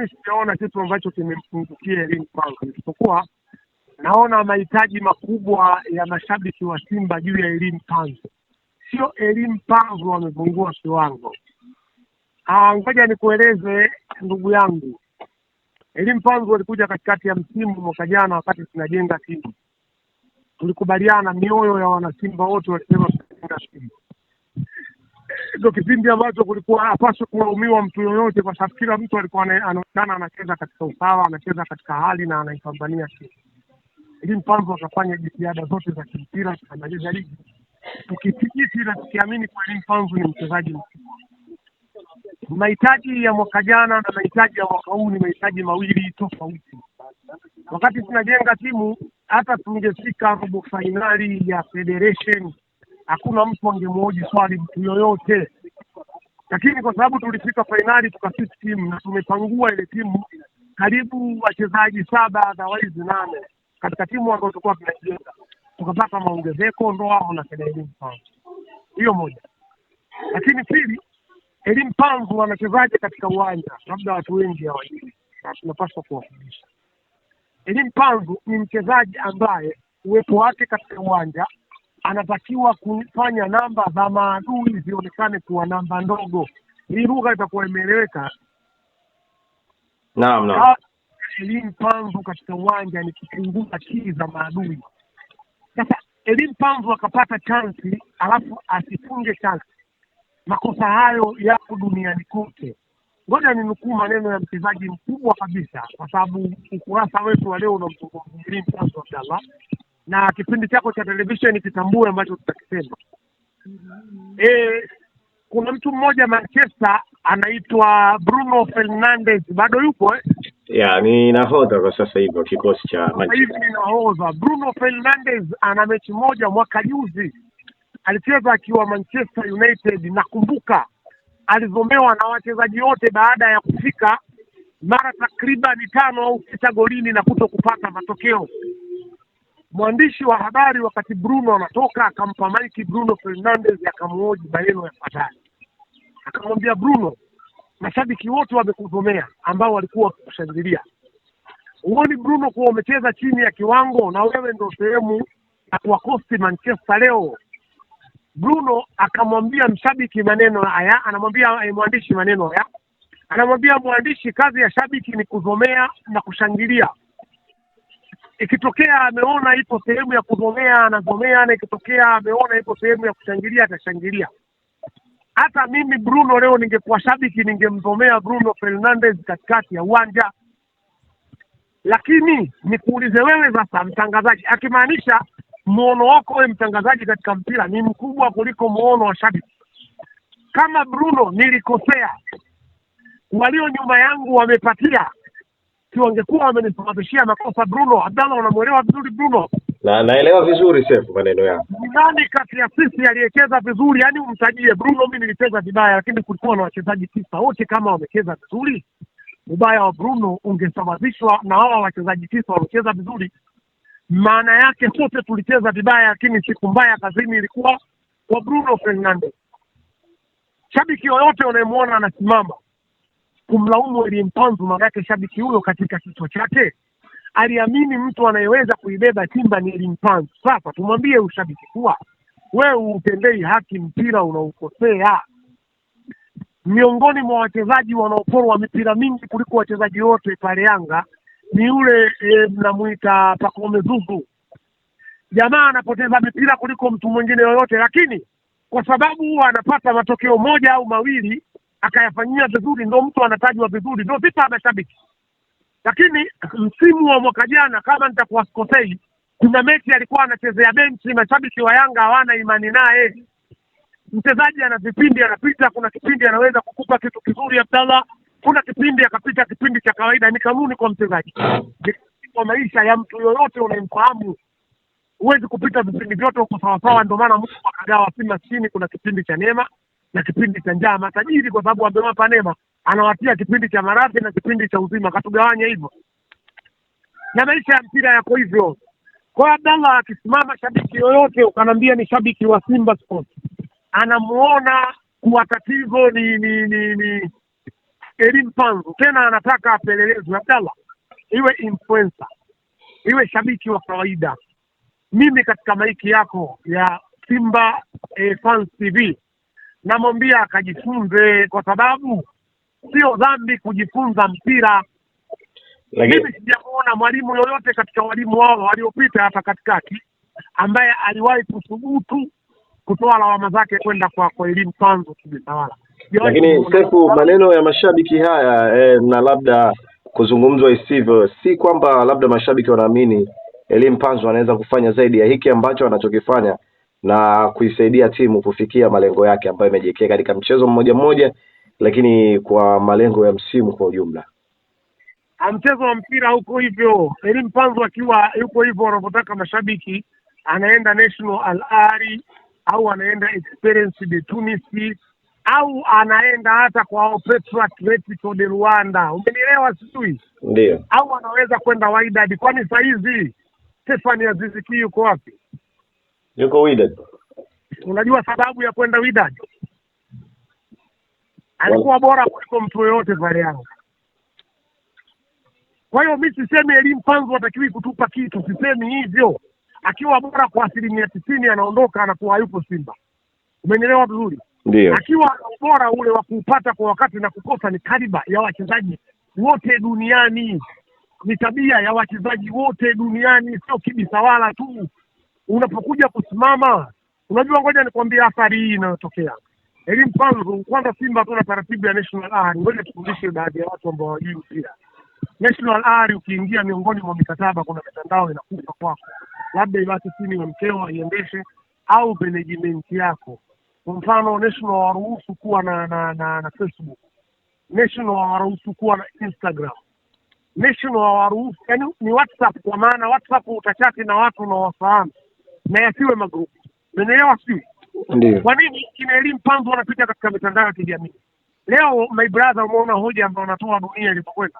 mimi sijaona kitu ambacho kimempungukia Elim Panka, isipokuwa naona mahitaji makubwa ya mashabiki wa Simba juu ya Elim Panzo. Sio Elim Panzo wamepungua kiwango. Ah, ngoja nikueleze ndugu yangu, Elim Panzo alikuja katikati ya msimu mwaka jana, wakati tunajenga timu tulikubaliana, mioyo ya wanasimba wote walisema tunajenga timu ndo kipindi ambacho kulikuwa hapaswi kulaumiwa mtu yoyote, kwa sababu kila mtu alikuwa anaonekana anacheza katika usawa, anacheza katika hali na anaipambania timu. Ili mpango akafanya jitihada zote za kimpira za ligi, tukipigisi na tukiamini kwa Elim ni mchezaji mkubwa. Mahitaji ya mwaka jana na mahitaji ya mwaka huu ni mahitaji mawili tofauti. Wakati tunajenga timu, hata tungefika robo fainali ya Federation hakuna mtu angemwoji swali mtu yoyote, lakini kwa sababu tulifika fainali tukasisi timu na tumepangua ile timu karibu wachezaji saba otherwise nane katika timu ambayo tulikuwa tunaijenga, tukapata maongezeko ndo wao wanapenda elimu panzu. Hiyo moja, lakini pili, elimu panzu wanachezaji katika uwanja, labda watu wengi hawajui na tunapaswa kuwafundisha. Elimu panzu ni mchezaji ambaye uwepo wake katika uwanja anatakiwa kufanya namba za maadui zionekane kuwa namba ndogo. Hii lugha itakuwa imeeleweka. Naam, naam. Ah, elimu panvu katika uwanja ni kupunguza akili za maadui. Sasa elimu panvu akapata chansi, alafu asifunge chansi, makosa hayo yapo duniani kote. Ngoja ni nukuu maneno ya mchezaji mkubwa kabisa, kwa sababu ukurasa wetu wa leo unamzungumzia Elimu Panvu Abdallah na kipindi chako cha televisheni kitambue ambacho tutakisema. Mm-hmm. E, eh, kuna mtu mmoja Manchester anaitwa Bruno Fernandes, bado yupo eh? Yeah, ni nahodha kwa sasa hivi wa kikosi cha Manchester. Hivi ni nahodha Bruno Fernandes, ana mechi moja mwaka juzi alicheza akiwa Manchester United. Nakumbuka alizomewa na wachezaji wote baada ya kufika mara takriban tano au sita golini na kuto kupata matokeo mwandishi wa habari wakati Bruno anatoka akampa maiki Bruno Fernandez akamhoji maneno yafuatayo, akamwambia Bruno, mashabiki wote wamekuvomea ambao walikuwa wakikushangilia. Huoni Bruno kuwa umecheza chini ya kiwango na wewe ndio sehemu ya kuwakosti Manchester leo? Bruno akamwambia mshabiki maneno haya, anamwambia eh, mwandishi maneno haya, anamwambia mwandishi, kazi ya shabiki ni kuvomea na kushangilia ikitokea ameona ipo sehemu ya kugomea anagomea, na ikitokea ameona ipo sehemu ya kushangilia atashangilia. Hata mimi Bruno leo ningekuwa shabiki ningemgomea Bruno Fernandes katikati ya uwanja. Lakini nikuulize wewe sasa, mtangazaji, akimaanisha muono wako wewe mtangazaji katika mpira ni mkubwa kuliko muono wa shabiki. Kama Bruno nilikosea, walio nyuma yangu wamepatia wangekuwa wamenisababishia makosa Bruno. Abdallah, unamwelewa vizuri Bruno na naelewa vizuri Sefu maneno yao. Ni nani kati ya sisi aliyecheza vizuri? Yaani umtajie Bruno. Mi nilicheza vibaya, lakini kulikuwa na wachezaji tisa, wote kama wamecheza vizuri. Ubaya wa Bruno ungesawazishwa na hawa wachezaji tisa waliocheza vizuri. Maana yake sote tulicheza vibaya, lakini siku mbaya kazini ilikuwa kwa Bruno Fernandes. Shabiki yoyote unayemwona anasimama kumlaumu Eli Mpanzu, maanake shabiki huyo katika kichwa chake aliamini mtu anayeweza kuibeba Simba ni Eli Mpanzu. Sasa tumwambie ushabiki kuwa wewe utendei haki mpira unaukosea. Miongoni mwa wachezaji wanaoporwa mipira mingi kuliko wachezaji wote pale Yanga ni yule e, mnamuita Pakome Zuzu. Jamaa anapoteza mipira kuliko mtu mwingine yoyote, lakini kwa sababu huwa anapata matokeo moja au mawili akayafanyia vizuri, ndo mtu anatajwa vizuri, ndo vipa mashabiki. Lakini msimu wa mwaka jana, kama nitakuwa sikosei, kuna mechi alikuwa anachezea benchi, mashabiki wa Yanga hawana imani naye. Mchezaji ana vipindi anapita, kuna kipindi anaweza kukupa kitu kizuri Abdallah, kuna kipindi akapita kipindi cha kawaida. Ni kanuni kwa mchezaji, kwa maisha ya mtu yoyote unayemfahamu huwezi kupita vipindi vyote huko sawasawa. Ndio maana Mungu akagawa si maskini, kuna kipindi cha neema, na kipindi cha njaa. Matajiri kwa sababu amewapa neema, anawatia kipindi cha maradhi na kipindi cha uzima, katugawanya hivyo, na maisha ya mpira yako hivyo. Kwa Abdallah, akisimama shabiki yoyote ukanambia ni shabiki wa Simba Sports, anamuona kuwa tatizo ni ni ni, ni elimu panzu, tena anataka apelelezwe. Abdallah, iwe influencer, iwe shabiki wa kawaida, mimi katika maiki yako ya Simba eh, Fans TV namwambia akajifunze, kwa sababu sio dhambi kujifunza mpira. Mimi sijamuona mwalimu yoyote katika walimu wao waliopita hapa katikati ambaye aliwahi kuthubutu kutoa lawama zake kwenda kwa kwa elimu kwanza kibitawala. Lakini Sefu, maneno ya mashabiki haya eh, na labda kuzungumzwa isivyo, si kwamba labda mashabiki wanaamini elimu Panzo anaweza kufanya zaidi ya hiki ambacho anachokifanya, na kuisaidia timu kufikia malengo yake ambayo imejiwekea katika mchezo mmoja mmoja, lakini kwa malengo ya msimu kwa ujumla. Ah, mchezo wa mpira huko hivyo, Eli Mpanzu akiwa yuko hivyo wanavyotaka mashabiki, anaenda National Al Ahly au anaenda Experience de Tunis au anaenda hata kwa Petro Atletico de Rwanda, umenielewa? Sijui ndio, au anaweza kwenda Wydad. Kwani saa hizi Stefani Aziziki yuko wapi? yuko Wydad. Unajua sababu ya kwenda Wydad, alikuwa bora kuliko mtu yoyote pale yao. Kwa hiyo mi sisemi elimu panzu watakiwi kutupa kitu, sisemi hivyo. Akiwa bora kwa asilimia tisini anaondoka anakuwa hayupo Simba. Umenielewa vizuri? Ndio. Akiwa na ubora ule wa kuupata kwa wakati na kukosa, ni kaliba ya wachezaji wote duniani, ni tabia ya wachezaji wote duniani, sio kibisawala tu unapokuja kusimama, unajua, ngoja nikwambie athari hii inayotokea. Ili mfano kwanza, Simba tuna taratibu ya national R. Ngoja tufundishe baadhi ya watu ambao hawajui mpira. National R ukiingia miongoni mwa mikataba, kuna mitandao inakufa kwako, labda ibaki chini ya mkeo aiendeshe au management yako. Kwa mfano, National waruhusu kuwa na na, na, na Facebook. National waruhusu kuwa na Instagram. National waruhusu, yani ni WhatsApp, kwa maana WhatsApp utachati na watu unaowafahamu na yasiwe magrupu. Unaelewa sijui? Ndio. Kwa nini kina elimu pambo wanapita katika mitandao ya kijamii? Leo my brother, umeona hoja ambayo wanatoa dunia ilipokwenda.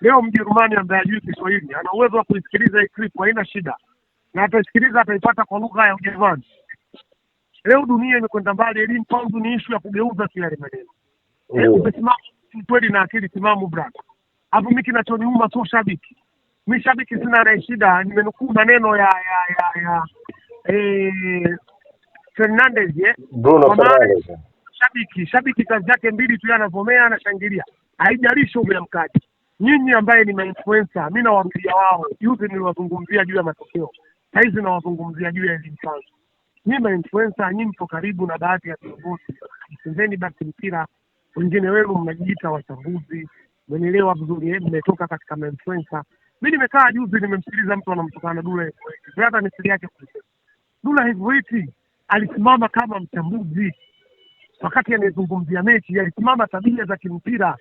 Leo Mjerumani ambaye hajui Kiswahili ana uwezo wa kuisikiliza hii clip, haina shida, na ataisikiliza ataipata kwa lugha ya Ujerumani. Leo dunia imekwenda mbali, elimu pambo ni ishu ya kugeuza kila maneno. Leo umesimama kweli na akili timamu brother. Hapo mimi kinachoniuma sio shabiki. Mimi shabiki sina na shida, nimenukuu maneno ya ya ya ya, ya eh, Fernandez eh, Bruno Fernandez shabiki shabiki, kazi yake mbili tu, anavomea anashangilia, haijalishi umemkaje. Nyinyi ambaye ni mainfluencer, mi nawaambia wao, juzi niliwazungumzia juu ya matokeo, sahizi nawazungumzia juu ya elimu chanzo. Nyinyi mainfluencer, nyinyi mko karibu na baadhi ya viongozi, chezeni basi mpira. Wengine wenu mnajiita wachambuzi, mwenelewa vizuri, eh? mmetoka katika mainfluencer. Mi nimekaa juzi, nimemsikiliza mtu anamtukana Dule, hata misili yake Abdullah Hivuiti alisimama kama mchambuzi wakati anayezungumzia mechi, alisimama tabia za kimpira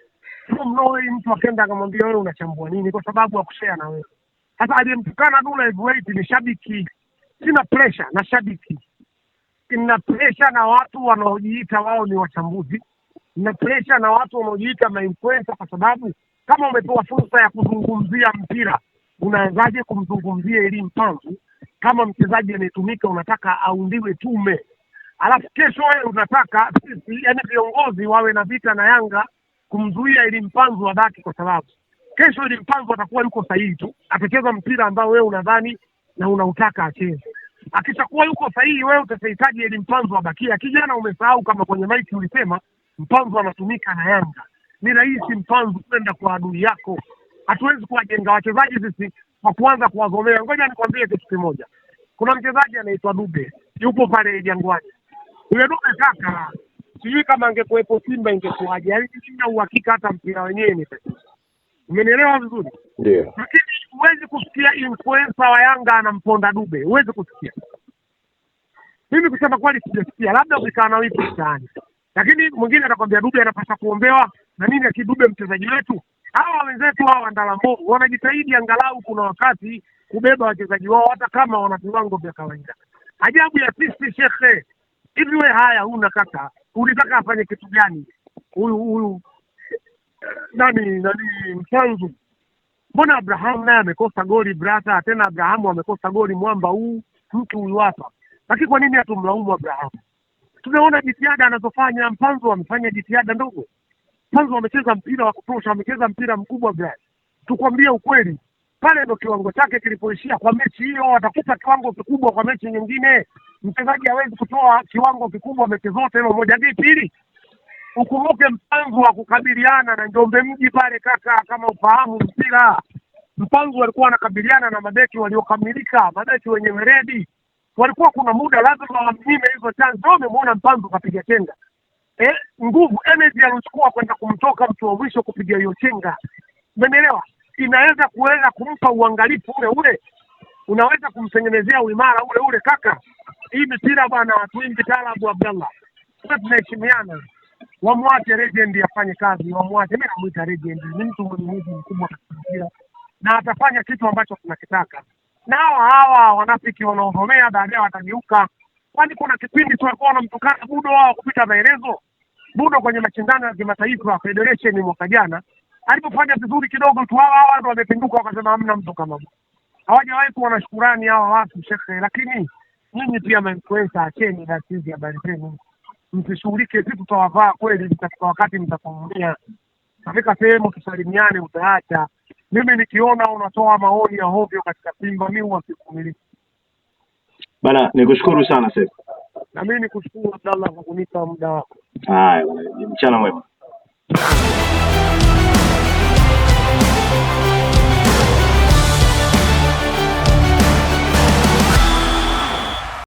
from nowhere, mtu akenda akamwambia wewe unachambua nini? Kwa sababu akushea na wewe. Sasa aliyemtukana Dula Hivuiti ni shabiki, sina pressure na shabiki, nina pressure na watu wanaojiita wao ni wachambuzi, nina pressure na watu wanaojiita mainfluencer, kwa sababu kama umepewa fursa ya kuzungumzia mpira unaanzaje kumzungumzia elimu panzu kama mchezaji anayetumika unataka aundiwe tume, alafu kesho wewe unataka yani viongozi wawe na vita na Yanga kumzuia ili Mpanzu abaki, kwa sababu kesho ili Mpanzu atakuwa yuko sahihi tu, atacheza mpira ambao wewe unadhani na unautaka acheze. Akishakuwa yuko sahihi, wewe utasahitaji ili Mpanzu abakie. Kijana, umesahau kama kwenye maiki ulisema Mpanzu anatumika na Yanga, ni rahisi Mpanzu kwenda kwa adui yako hatuwezi kuwajenga wachezaji sisi kwa kuanza kuwagomea. Ngoja nikwambie kitu kimoja, kuna mchezaji anaitwa Dube yupo pale Jangwani. Yule Dube kaka, sijui kama angekuwepo Simba ingekuwaje, yaani sina uhakika hata mpira wenyewe ni Umenielewa vizuri? Ndio. Lakini huwezi kusikia influencer wa Yanga anamponda Dube, huwezi kusikia. Mimi kusema kweli sijasikia, labda ukikaa na wiki mtaani, lakini mwingine atakwambia Dube anapasa kuombewa na nini, akidube mchezaji wetu hawa wenzetu hawa Ndalamo wanajitahidi angalau kuna wakati kubeba wachezaji wao, hata kama wana viwango vya kawaida. Ajabu ya sisi shekhe, hivi we haya huna kaka, ulitaka afanye kitu gani huyu huyu nani nani mchanzu? Mbona Abrahamu naye amekosa goli brata? Tena Abrahamu amekosa goli mwamba huu mtu huyu hapa, lakini kwa nini hatumlaumu Abrahamu? Tunaona jitihada anazofanya Mpanzu, amefanya jitihada ndogo Mwanza wamecheza mpira wa kutosha, wamecheza mpira mkubwa Brian. Tukwambie ukweli, pale ndo kiwango chake kilipoishia kwa mechi hiyo. atakupa kiwango kikubwa kwa mechi nyingine. Mchezaji hawezi kutoa kiwango kikubwa mechi zote, hilo moja. ni pili, ukumbuke mpango wa kukabiliana na Njombe Mji pale, kaka, kama ufahamu mpira, mpango walikuwa wanakabiliana na mabeki waliokamilika, mabeki wenye weredi, walikuwa kuna muda lazima wamnyime hizo chanzo. Umemuona mpango kapiga chenga eh, nguvu energy aliyochukua kwenda kumtoka mtu wa mwisho kupiga hiyo chenga, umenielewa? Inaweza kuweza kumpa uangalifu ule ule, unaweza kumtengenezea uimara ule ule. Kaka, hii mipira bwana, watu wengi taarabu, Abdallah, tunaheshimiana, wamwache legend afanye kazi, wamwache. Mimi namuita legend, ni mtu mwenye nguvu mkubwa katika mpira na atafanya kitu ambacho tunakitaka, na hawa hawa wanafiki wanaozomea baadaye watageuka Kwani kuna kipindi tu alikuwa wanamtukana Budo wao kupita maelezo? Budo kwenye mashindano ya kimataifa ya Federation mwaka jana alipofanya vizuri kidogo tu, hawa hawa ndo wamepinduka wakasema hamna mtu kama Budo. Hawajawahi kuwa na shukurani hawa watu shekhe, lakini nyinyi pia mainfluensa, acheni basi hizi habari zenu, msishughulike. Sisi tutawavaa kweli, katika wakati mtakuumia, katika sehemu tusalimiane, utaacha. Mimi nikiona unatoa maoni ya hovyo katika Simba mi huwa sikumiliki Bana, nikushukuru sana Seif. Na mimi nikushukuru Abdallah kwa kunipa muda wako. Haya bana, mchana mwema.